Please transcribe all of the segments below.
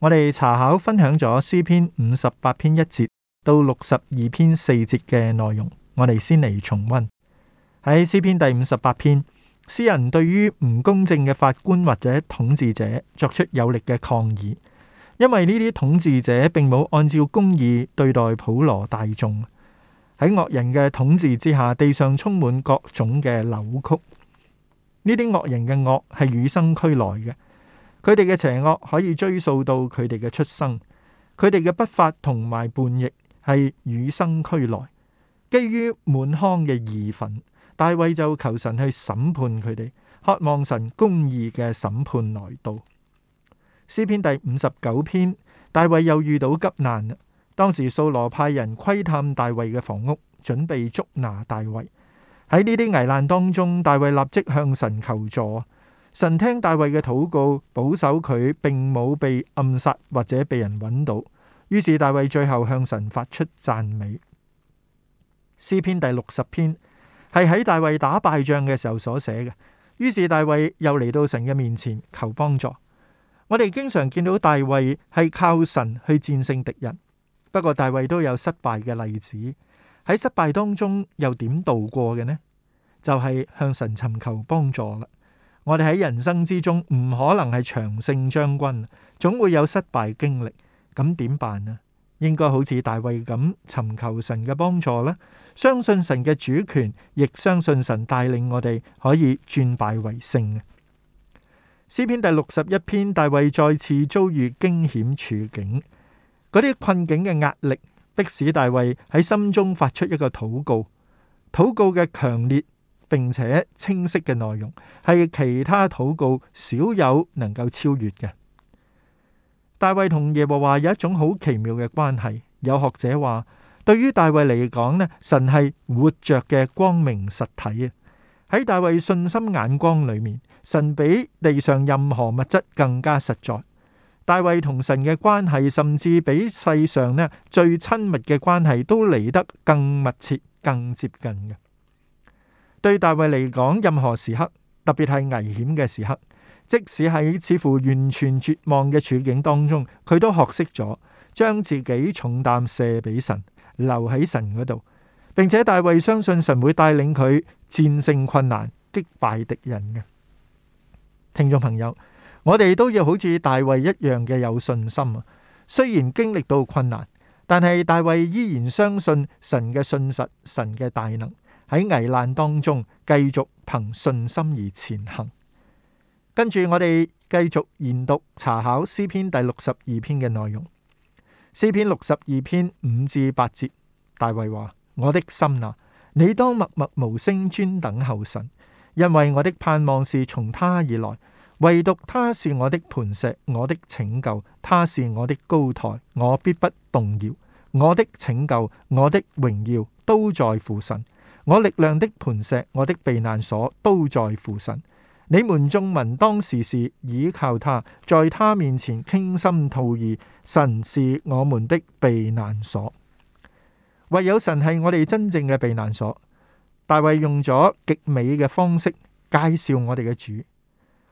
我哋查考分享咗詩篇五十八篇一節到六十二篇四節嘅內容，我哋先嚟重溫。喺詩篇第五十八篇，詩人對於唔公正嘅法官或者統治者作出有力嘅抗議，因為呢啲統治者並冇按照公義對待普羅大眾。喺惡人嘅統治之下，地上充滿各種嘅扭曲。呢啲惡人嘅惡係與生俱來嘅。佢哋嘅邪惡可以追溯到佢哋嘅出生，佢哋嘅不法同埋叛逆係與生俱來。基於滿腔嘅義憤，大衛就求神去審判佢哋，渴望神公義嘅審判來到。詩篇第五十九篇，大衛又遇到急難。當時掃羅派人窺探大衛嘅房屋，準備捉拿大衛。喺呢啲危難當中，大衛立即向神求助。神聽大衛嘅禱告，保守佢，並冇被暗殺或者被人揾到。於是大衛最後向神發出讚美。詩篇第六十篇係喺大衛打敗仗嘅時候所寫嘅。於是大衛又嚟到神嘅面前求幫助。我哋經常見到大衛係靠神去戰勝敵人，不過大衛都有失敗嘅例子。喺失敗當中又點度過嘅呢？就係、是、向神尋求幫助啦。我哋喺人生之中唔可能係長勝將軍，總會有失敗經歷。咁點辦呢？應該好似大衛咁尋求神嘅幫助啦，相信神嘅主權，亦相信神帶領我哋可以轉敗為勝。詩篇第六十一篇，大衛再次遭遇驚險處境，嗰啲困境嘅壓力迫使大衛喺心中發出一個禱告，禱告嘅強烈並且清晰嘅內容係其他禱告少有能夠超越嘅。大衛同耶和華有一種好奇妙嘅關係。有學者話，對於大衛嚟講呢，神係活着嘅光明實體啊！喺大衛信心眼光裏面，神比地上任何物質更加實在。大衛同神嘅關係，甚至比世上呢最親密嘅關係都嚟得更密切、更接近嘅。對大衛嚟講，任何時刻，特別係危險嘅時刻，即使喺似乎完全絕望嘅處境當中，佢都學識咗將自己重擔卸俾神，留喺神嗰度，並且大衛相信神會帶領佢戰勝困難，擊敗敵人嘅。聽眾朋友，我哋都要好似大衛一樣嘅有信心啊！雖然經歷到困難，但係大衛依然相信神嘅信實，神嘅大能。喺危難當中，繼續憑信心而前行。跟住，我哋繼續研讀查考詩篇第六十二篇嘅內容。詩篇六十二篇五至八節，大衛話：我的心啊，你當默默無聲，專等候神，因為我的盼望是從他而來。唯獨他是我的磐石，我的拯救，他是我的高台，我必不動搖。我的拯救，我的榮耀，都在乎神。我力量的磐石，我的避難所都在乎神。你們眾民當時時倚靠他，在他面前傾心吐意。神是我們的避難所，唯有神係我哋真正嘅避難所。大衛用咗極美嘅方式介紹我哋嘅主，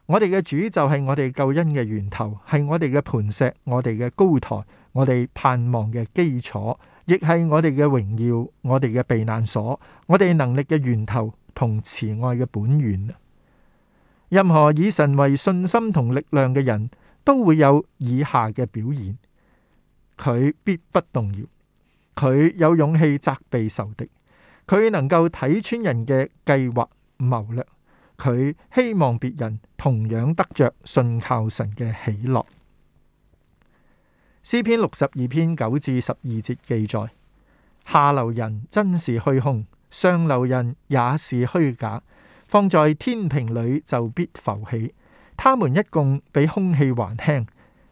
我哋嘅主就係我哋救恩嘅源頭，係我哋嘅磐石，我哋嘅高台，我哋盼望嘅基礎。亦係我哋嘅榮耀，我哋嘅避難所，我哋能力嘅源頭同慈愛嘅本源。任何以神為信心同力量嘅人都會有以下嘅表現：佢必不動搖，佢有勇氣責備仇敵，佢能夠睇穿人嘅計劃謀略，佢希望別人同樣得着信靠神嘅喜樂。詩篇六十二篇九至十二節記載：下流人真是虛空，上流人也是虛假。放在天平裏就必浮起，他們一共比空氣還輕。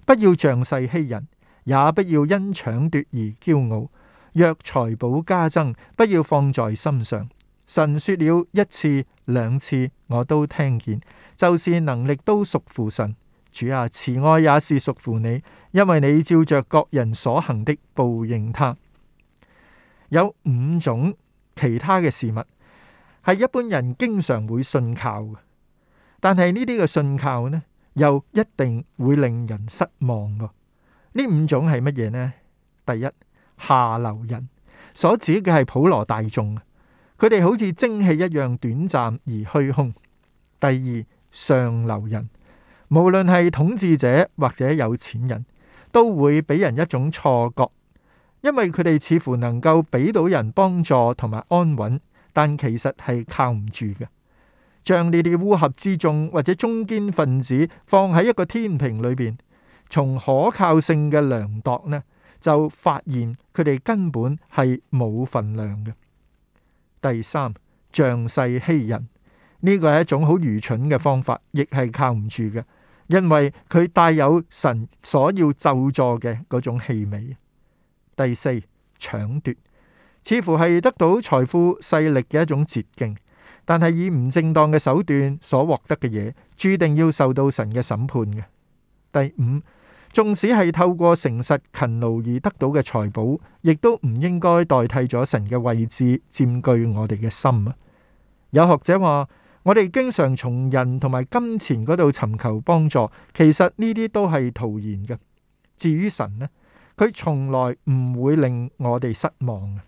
不要仗勢欺人，也不要因搶奪而驕傲。若財寶加增，不要放在心上。神說了一次、兩次，我都聽見，就是能力都屬乎神。主啊，慈愛也是屬乎你，因為你照着各人所行的報應他。有五種其他嘅事物係一般人經常會信靠嘅，但係呢啲嘅信靠呢，又一定會令人失望。呢五種係乜嘢呢？第一，下流人所指嘅係普羅大眾，佢哋好似蒸汽一樣短暫而虛空。第二，上流人。無論係統治者或者有錢人，都會俾人一種錯覺，因為佢哋似乎能夠俾到人幫助同埋安穩，但其實係靠唔住嘅。將呢啲烏合之眾或者中堅分子放喺一個天平裏邊，從可靠性嘅量度呢，就發現佢哋根本係冇份量嘅。第三，仗勢欺人，呢個係一種好愚蠢嘅方法，亦係靠唔住嘅。因為佢帶有神所要咒詛嘅嗰種氣味。第四，搶奪似乎係得到財富勢力嘅一種捷徑，但係以唔正當嘅手段所獲得嘅嘢，注定要受到神嘅審判嘅。第五，縱使係透過誠實勤勞而得到嘅財寶，亦都唔應該代替咗神嘅位置，佔據我哋嘅心啊。有學者話。我哋經常從人同埋金錢嗰度尋求幫助，其實呢啲都係徒然嘅。至於神咧，佢從來唔會令我哋失望。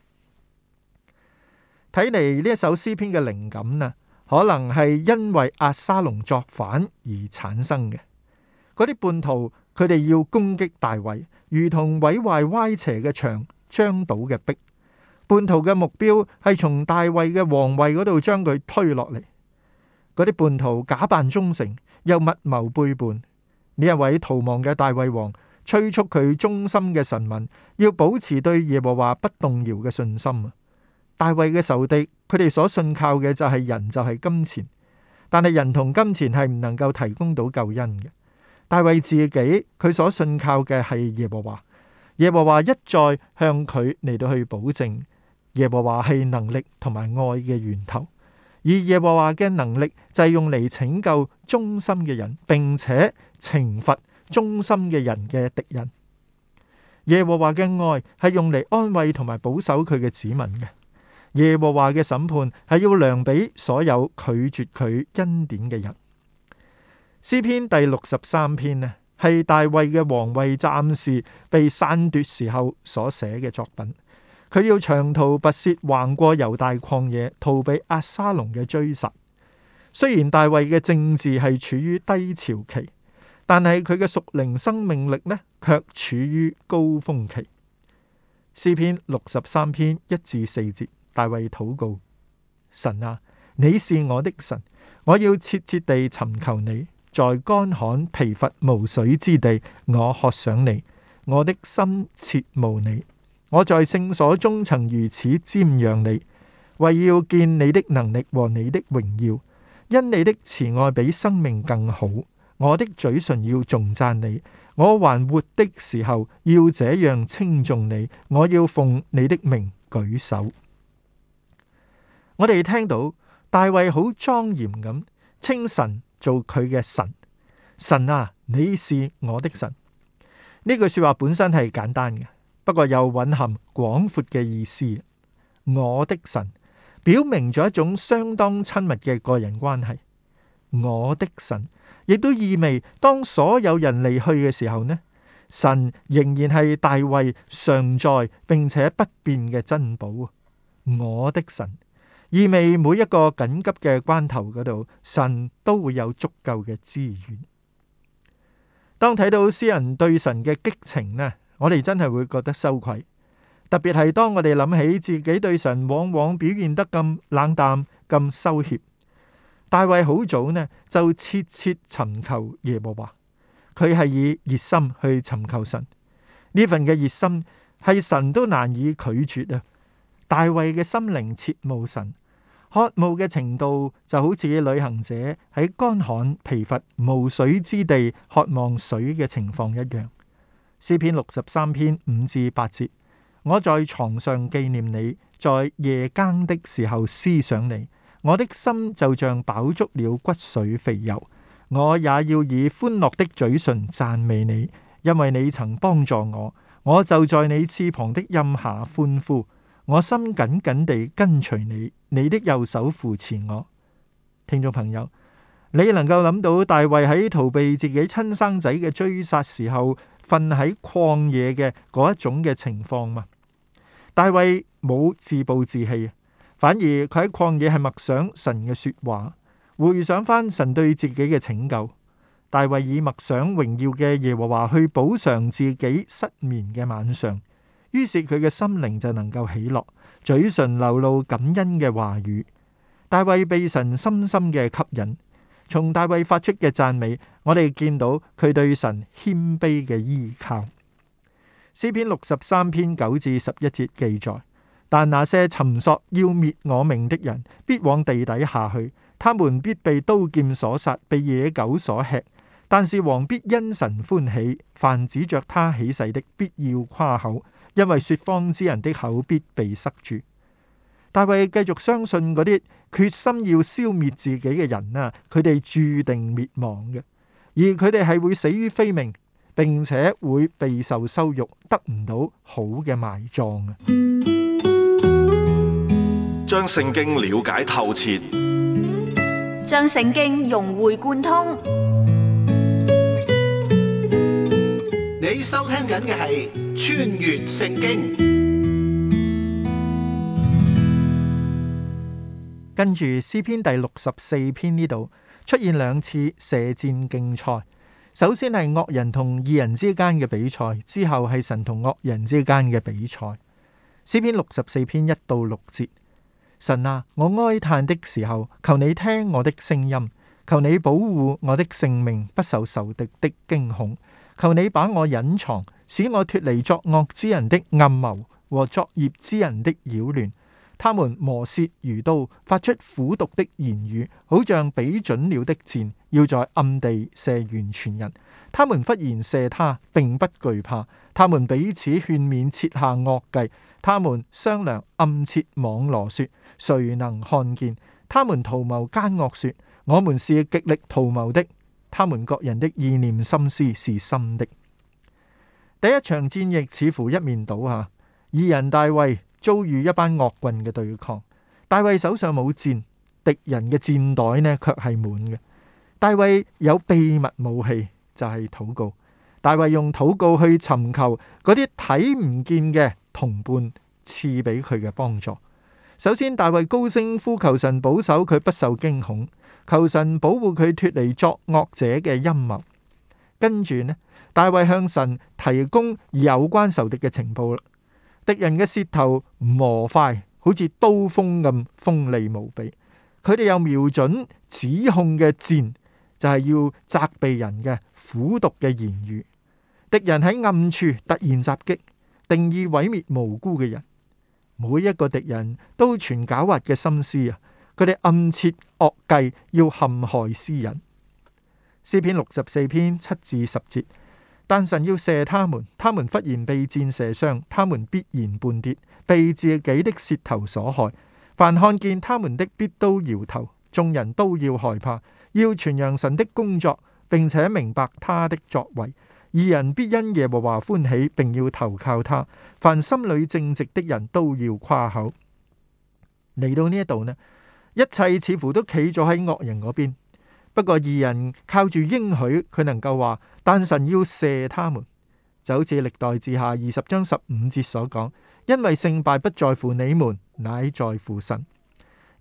睇嚟呢一首詩篇嘅靈感啦，可能係因為阿沙龍作反而產生嘅。嗰啲叛徒，佢哋要攻擊大衛，如同毀壞歪斜嘅牆、將倒嘅壁。叛徒嘅目標係從大衛嘅皇位嗰度將佢推落嚟。嗰啲叛徒假扮忠誠，又密謀背叛呢一位逃亡嘅大衛王，催促佢忠心嘅神民要保持對耶和華不動搖嘅信心啊！大衛嘅仇敵，佢哋所信靠嘅就係人，就係金錢，但係人同金錢係唔能夠提供到救恩嘅。大衛自己佢所信靠嘅係耶和華，耶和華一再向佢嚟到去保證，耶和華係能力同埋愛嘅源頭。而耶和華嘅能力，就係用嚟拯救忠心嘅人，並且懲罰忠心嘅人嘅敵人。耶和華嘅愛係用嚟安慰同埋保守佢嘅子民嘅。耶和華嘅審判係要量俾所有拒絕佢恩典嘅人。詩篇第六十三篇呢，係大衛嘅王位暫時被篡奪時候所寫嘅作品。佢要長途跋涉，橫過猶大曠野，逃避押沙龍嘅追殺。雖然大衛嘅政治係處於低潮期，但係佢嘅屬靈生命力呢，卻處於高峰期。詩篇六十三篇一至四節，大衛禱告：神啊，你是我的神，我要切切地尋求你。在乾旱疲乏無水之地，我渴想你，我的心切慕你。我在聖所中曾如此瞻仰你，為要見你的能力和你的榮耀。因你的慈愛比生命更好，我的嘴唇要頌讚你。我還活的時候要這樣稱頌你，我要奉你的名舉手。我哋聽到大衛好莊嚴咁稱神做佢嘅神，神啊，你是我的神。呢句說話本身係簡單嘅。不過又蘊含廣闊嘅意思。我的神，表明咗一種相當親密嘅個人關係。我的神，亦都意味當所有人離去嘅時候呢，神仍然係大衛常在並且不變嘅珍寶。我的神，意味每一個緊急嘅關頭嗰度，神都會有足夠嘅資源。當睇到詩人對神嘅激情呢？我哋真係會覺得羞愧，特別係當我哋諗起自己對神往往表現得咁冷淡、咁羞怯。大衛好早呢就切切尋求耶和華，佢係以熱心去尋求神。呢份嘅熱心係神都難以拒絕啊！大衛嘅心靈切慕神，渴慕嘅程度就好似旅行者喺乾旱疲乏無水之地渴望水嘅情況一樣。詩篇六十三篇五至八節，我在床上紀念你，在夜更的時候思想你。我的心就像飽足了骨髓肥油，我也要以歡樂的嘴唇讚美你，因為你曾幫助我。我就在你翅膀的蔭下歡呼，我心緊緊地跟隨你，你的右手扶持我。聽眾朋友，你能夠諗到大衛喺逃避自己親生仔嘅追殺時候？瞓喺曠野嘅嗰一種嘅情況嘛，大衛冇自暴自棄，反而佢喺曠野係默想神嘅說話，回想翻神對自己嘅拯救。大衛以默想榮耀嘅耶和華去補償自己失眠嘅晚上，於是佢嘅心靈就能夠起落，嘴唇流露感恩嘅話語。大衛被神深深嘅吸引。從大衛發出嘅讚美，我哋見到佢對神謙卑嘅依靠。詩篇六十三篇九至十一節記載：但那些尋索要滅我命的人，必往地底下去；他們必被刀劍所殺，被野狗所吃。但是王必因神歡喜，凡指着他起誓的，必要誇口，因為說謊之人的口必被塞住。但係繼續相信嗰啲決心要消滅自己嘅人啊，佢哋注定滅亡嘅，而佢哋係會死於非命，並且會備受羞辱，得唔到好嘅埋葬啊！將聖經了解透徹，將聖經融會貫通，你收聽緊嘅係《穿越聖經》。跟住詩篇第六十四篇，呢度出現兩次射箭競賽，首先係惡人同義人之間嘅比賽，之後係神同惡人之間嘅比賽。詩篇六十四篇一到六節：神啊，我哀嘆的時候，求你聽我的聲音，求你保護我的性命不受仇敵的驚恐，求你把我隱藏，使我脫離作惡之人的暗謀和作孽之人的擾亂。他們磨舌如刀，發出苦毒的言語，好像比準了的箭，要在暗地射完全人。他們忽然射他，並不懼怕。他們彼此勸勉，設下惡計。他們商量暗設網羅，說：誰能看見？他們圖謀奸惡，說：我們是極力圖謀的。他們各人的意念心思是深的。第一場戰役似乎一面倒下，二人大衛。遭遇一班惡棍嘅對抗，大衛手上冇箭，敵人嘅箭袋呢卻係滿嘅。大衛有秘密武器就係、是、禱告，大衛用禱告去尋求嗰啲睇唔見嘅同伴賜俾佢嘅幫助。首先，大衛高聲呼求神保守佢不受驚恐，求神保護佢脫離作惡者嘅陰謀。跟住呢，大衛向神提供有關仇敵嘅情報。敵人嘅舌頭磨快，好似刀鋒咁鋒利無比。佢哋有瞄準、指控嘅箭，就係、是、要責備人嘅苦毒嘅言語。敵人喺暗處突然襲擊，定意毀滅無辜嘅人。每一個敵人都存狡猾嘅心思啊！佢哋暗設惡計，要陷害詩人。詩篇六十四篇七至十節。但神要射他們，他們忽然被箭射傷，他們必然絆跌，被自己的舌頭所害。凡看見他們的，必都搖頭；眾人都要害怕，要傳揚神的工作，並且明白他的作為。義人必因耶和華歡喜，並要投靠他。凡心裏正直的人都要誇口。嚟到呢一度呢，一切似乎都企咗喺惡人嗰邊。不過二人靠住應許，佢能夠話，但神要射他們，就好似歷代志下二十章十五節所講，因為勝敗不在乎你們，乃在乎神。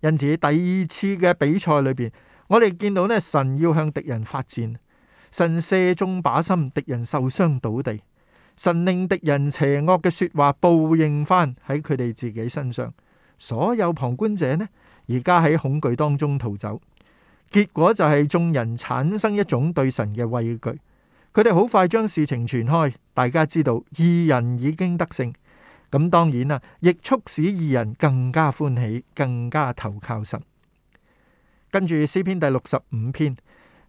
因此第二次嘅比賽裏邊，我哋見到呢，神要向敵人發箭，神射中靶心，敵人受傷倒地，神令敵人邪惡嘅說話報應翻喺佢哋自己身上，所有旁觀者呢而家喺恐懼當中逃走。結果就係眾人產生一種對神嘅畏懼，佢哋好快將事情傳開，大家知道義人已經得勝。咁當然啦，亦促使義人更加歡喜，更加投靠神。跟住詩篇第六十五篇，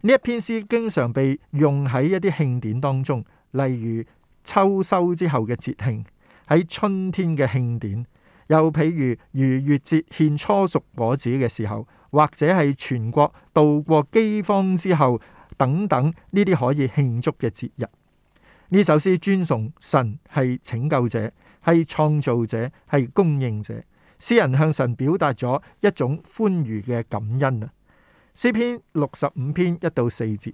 呢一篇詩經常被用喺一啲慶典當中，例如秋收之後嘅節慶，喺春天嘅慶典，又譬如如月節獻初熟果子嘅時候。或者係全國度過饑荒之後，等等呢啲可以慶祝嘅節日。呢首詩尊崇神係拯救者，係創造者，係供應者。詩人向神表達咗一種歡愉嘅感恩啊！詩篇六十五篇一到四節：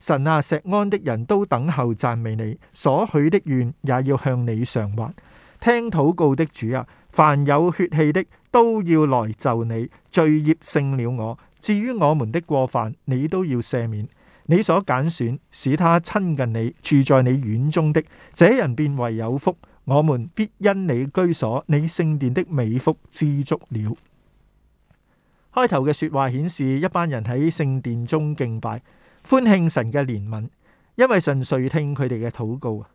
神啊，錫安的人都等候讚美你，所許的願也要向你償還。聽禱告的主啊！凡有血氣的都要來就你，罪孽勝了我。至於我們的過犯，你都要赦免。你所揀選，使他親近你，住在你院中的，這人便為有福。我們必因你居所，你聖殿的美福知足了。開頭嘅說話顯示一班人喺聖殿中敬拜，歡慶神嘅憐憫，因為神垂聽佢哋嘅禱告啊。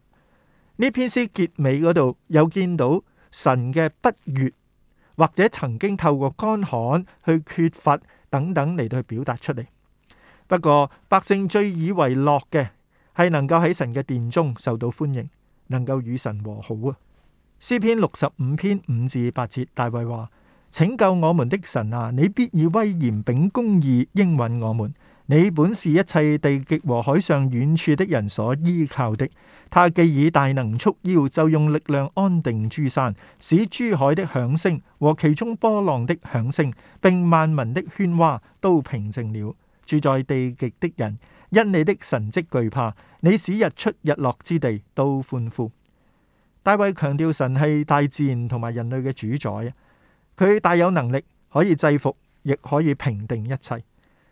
呢篇詩結尾嗰度有見到。神嘅不悅，或者曾經透過乾旱、去缺乏等等嚟到去表達出嚟。不過，百姓最以為樂嘅係能夠喺神嘅殿中受到歡迎，能夠與神和好啊。詩篇六十五篇五至八節，大衛話：拯救我們的神啊，你必以威嚴、秉公義應允我們。你本是一切地極和海上遠處的人所依靠的。他既以大能束腰，就用力量安定諸山，使諸海的響聲和其中波浪的響聲，並萬民的喧嘩都平靜了。住在地極的人因你的神跡懼怕你，使日出日落之地都歡呼。大衛強調神係大自然同埋人類嘅主宰，佢大有能力可以制服，亦可以平定一切。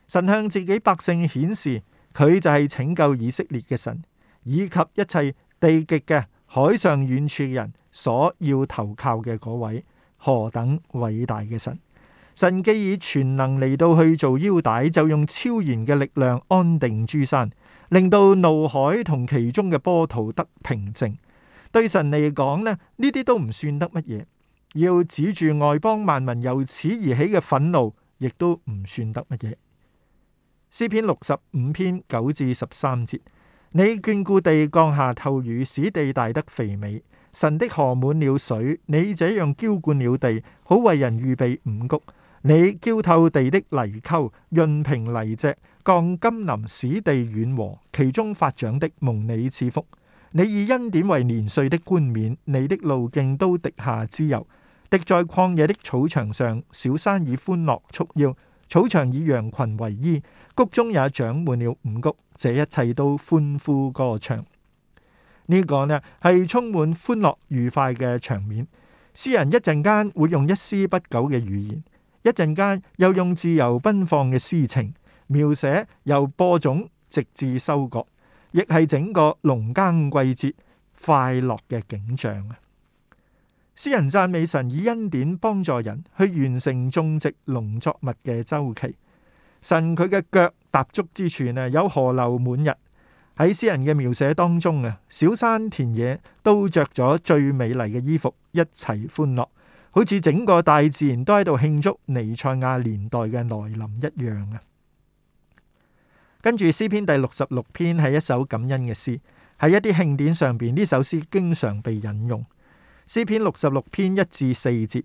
神向自己百姓顯示，佢就係拯救以色列嘅神，以及一切地極嘅海上遠處人所要投靠嘅嗰位何等偉大嘅神。神既以全能嚟，到去做腰帶，就用超然嘅力量安定諸山，令到怒海同其中嘅波濤得平靜。對神嚟講咧，呢啲都唔算得乜嘢。要指住外邦萬民由此而起嘅憤怒，亦都唔算得乜嘢。詩篇六十五篇九至十三節，你眷顧地降下透雨，使地大得肥美。神的河滿了水，你這樣澆灌了地，好為人預備五穀。你澆透地的泥溝，潤平泥脊，降甘霖使地軟和，其中發長的蒙你賜福。你以恩典為年歲的冠冕，你的路徑都滴下脂油，滴在曠野的草場上，小山以歡樂束腰。草場以羊群為衣，谷中也長滿了五谷，這一切都歡呼歌唱。呢、呢個呢係充滿歡樂愉快嘅場面。詩人一陣間會用一絲不苟嘅語言，一陣間又用自由奔放嘅詩情描寫，由播種直至收割，亦係整個農耕季節快樂嘅景象。詩人讚美神以恩典幫助人去完成種植農作物嘅周期。神佢嘅腳踏足之處呢，有河流滿溢。喺詩人嘅描寫當中啊，小山田野都着咗最美麗嘅衣服，一齊歡樂，好似整個大自然都喺度慶祝尼賽亞年代嘅來臨一樣啊！跟住詩篇第六十六篇係一首感恩嘅詩，喺一啲慶典上邊，呢首詩經常被引用。詩篇六十六篇一至四節，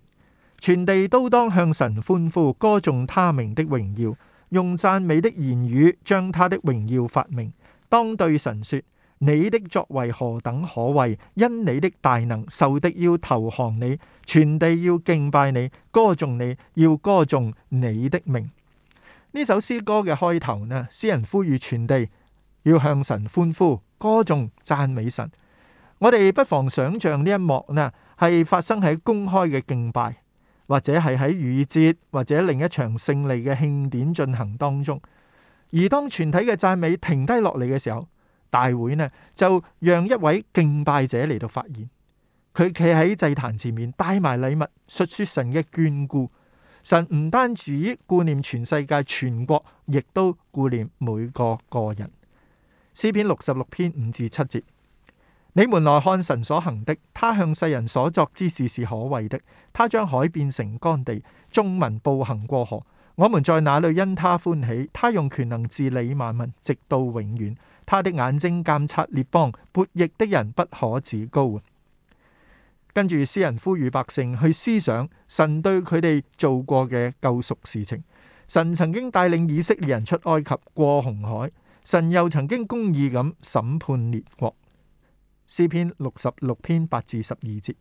全地都當向神歡呼，歌頌他名的榮耀，用讚美的言語將他的榮耀發明。當對神說：你的作為何等可畏！因你的大能，受的要投降你，全地要敬拜你，歌頌你要歌頌你的名。呢首詩歌嘅開頭呢，詩人呼籲全地要向神歡呼，歌頌讚美神。我哋不妨想象呢一幕呢，係發生喺公開嘅敬拜，或者係喺雨節或者另一場勝利嘅慶典進行當中。而當全體嘅讚美停低落嚟嘅時候，大會呢就讓一位敬拜者嚟到發言。佢企喺祭壇前面，帶埋禮物，述說神嘅眷顧。神唔單止顧念全世界、全國，亦都顧念每個個人。詩篇六十六篇五至七節。你們來看神所行的，他向世人所作之事是可畏的。他將海變成乾地，眾民步行過河。我們在那裏因他歡喜。他用權能治理萬民，直到永遠。他的眼睛監察列邦，悖逆的人不可自高。跟住，詩人呼籲百姓去思想神對佢哋做過嘅救贖事情。神曾經帶領以色列人出埃及過紅海，神又曾經公義咁審判列國。詩篇六十六篇八至十二節，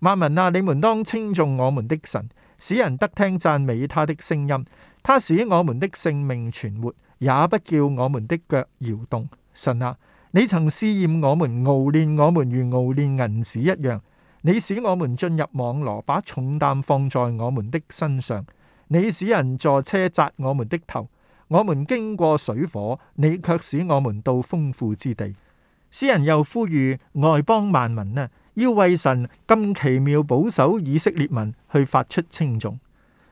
萬民啊，你們當稱頌我們的神，使人得聽讚美他的聲音。他使我們的性命存活，也不叫我們的腳搖動。神啊，你曾試驗我們，熬煉我們如熬煉銀子一樣。你使我們進入網羅，把重擔放在我們的身上。你使人坐車砸我們的頭，我們經過水火，你卻使我們到豐富之地。詩人又呼籲外邦萬民呢，要為神咁奇妙保守以色列民去發出稱頌，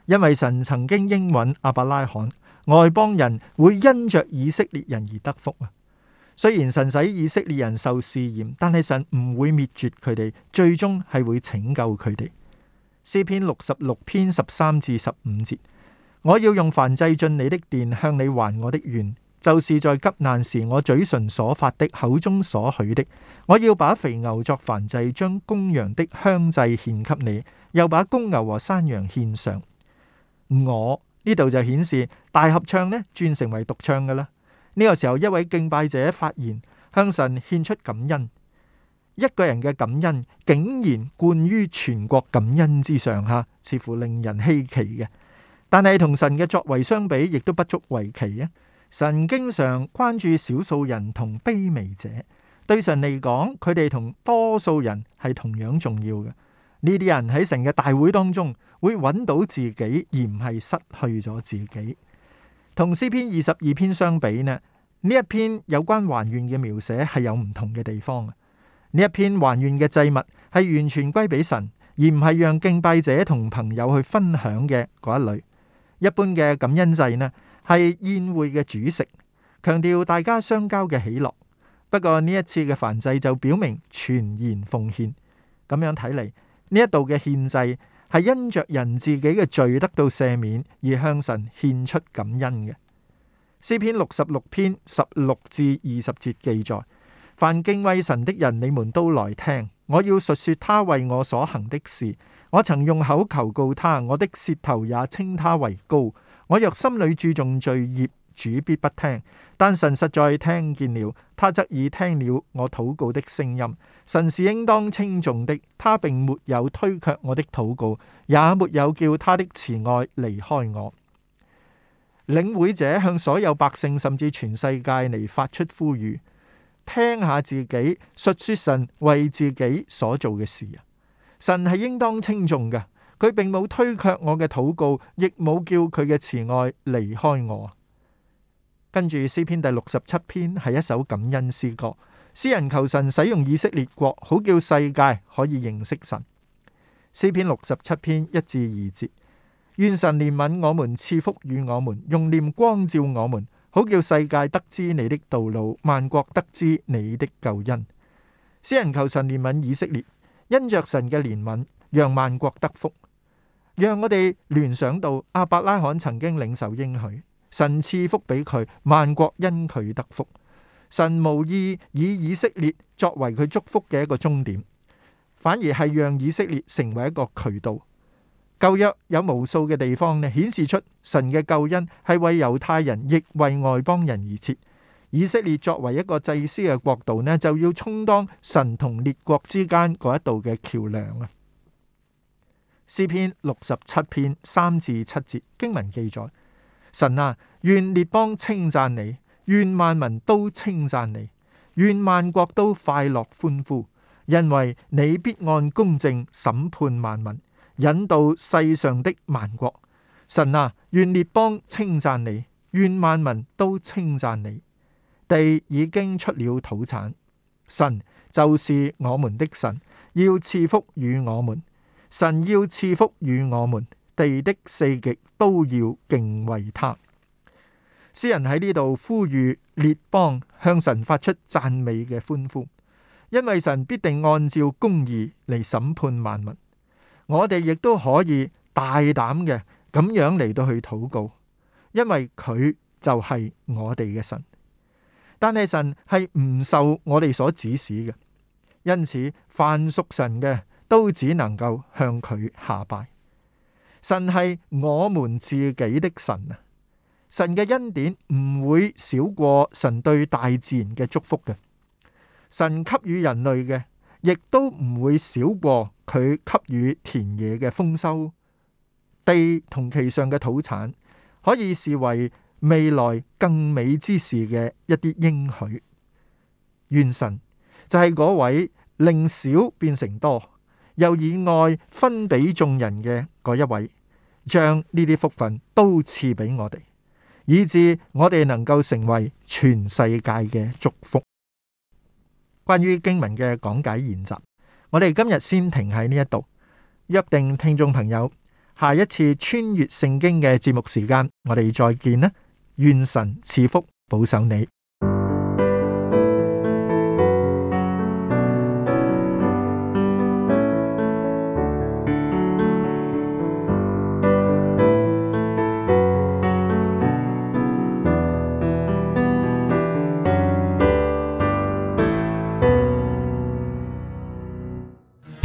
因為神曾經應允亞伯拉罕，外邦人會因着以色列人而得福啊！雖然神使以色列人受試驗，但係神唔會滅絕佢哋，最終係會拯救佢哋。詩篇六十六篇十三至十五節，我要用燔祭進你的殿，向你還我的願。就是在急難時，我嘴唇所發的，口中所許的，我要把肥牛作燔祭，將公羊的香祭獻給你，又把公牛和山羊獻上。我呢度就顯示大合唱呢轉成為獨唱㗎喇。呢個時候，一位敬拜者發言向神獻出感恩，一個人嘅感恩竟然冠於全國感恩之上，吓似乎令人稀奇嘅，但係同神嘅作為相比，亦都不足為奇啊。神經常關注少數人同卑微者，對神嚟講，佢哋同多數人係同樣重要嘅。呢啲人喺成個大會當中會揾到自己，而唔係失去咗自己。同詩篇二十二篇相比呢，呢一篇有關還願嘅描寫係有唔同嘅地方。呢一篇還願嘅祭物係完全歸俾神，而唔係讓敬拜者同朋友去分享嘅嗰一類。一般嘅感恩祭呢，係宴會嘅主食，強調大家相交嘅喜樂。不過呢一次嘅燔祭就表明全然奉獻。咁樣睇嚟，呢一度嘅獻祭係因着人自己嘅罪得到赦免而向神獻出感恩嘅。詩篇六十六篇十六至二十節記載：凡敬畏神的人，你們都來聽。我要述說他為我所行的事。我曾用口求告他，我的舌頭也稱他為高。我若心裏注重罪孽，主必不聽；但神實在聽見了，他側耳聽了我禱告的聲音。神是應當稱頌的，他並沒有推卻我的禱告，也沒有叫他的慈愛離開我。領會者向所有百姓，甚至全世界嚟發出呼籲，聽下自己述說神為自己所做嘅事啊！神係應當稱頌㗎。佢並冇推卻我嘅禱告，亦冇叫佢嘅慈愛離開我。跟住詩篇第六十七篇係一首感恩詩歌，詩人求神使用以色列國，好叫世界可以認識神。詩篇六十七篇一至二節，願神憐憫我們，賜福與我們，用念光照我們，好叫世界得知你的道路，萬國得知你的救恩。詩人求神憐憫以色列。因着神嘅憐憫，讓萬國得福，讓我哋聯想到亞伯拉罕曾經領受應許，神賜福俾佢，萬國因佢得福。神無意以以色列作為佢祝福嘅一個終點，反而係讓以色列成為一個渠道。舊約有無數嘅地方咧，顯示出神嘅救恩係為猶太人，亦為外邦人而設。以色列作為一個祭司嘅國度呢，就要充當神同列國之間嗰一度嘅橋樑啊。詩篇六十七篇三至七節經文記載：神啊，願列邦稱讚你，願萬民都稱讚你，願萬國都快樂歡呼，因為你必按公正審判萬民，引導世上的萬國。神啊，願列邦稱讚你，願萬民都稱讚你。地已經出了土產，神就是我們的神，要賜福與我們。神要賜福與我們，地的四極都要敬畏他。詩人喺呢度呼籲列邦向神發出讚美嘅歡呼，因為神必定按照公義嚟審判萬民。我哋亦都可以大膽嘅咁樣嚟到去禱告，因為佢就係我哋嘅神。但係神係唔受我哋所指使嘅，因此凡屬神嘅都只能夠向佢下拜。神係我們自己的神，神嘅恩典唔會少過神對大自然嘅祝福嘅。神給予人類嘅，亦都唔會少過佢給予田野嘅豐收。地同其上嘅土產，可以視為。未來更美之事嘅一啲應許，願神就係嗰位令少變成多，又以愛分俾眾人嘅嗰一位，將呢啲福分都賜俾我哋，以致我哋能夠成為全世界嘅祝福。關於經文嘅講解研習，我哋今日先停喺呢一度，約定聽眾朋友下一次穿越聖經嘅節目時間，我哋再見啦。願神賜福保守你。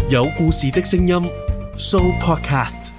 有故事的聲音，Sooo Podcast。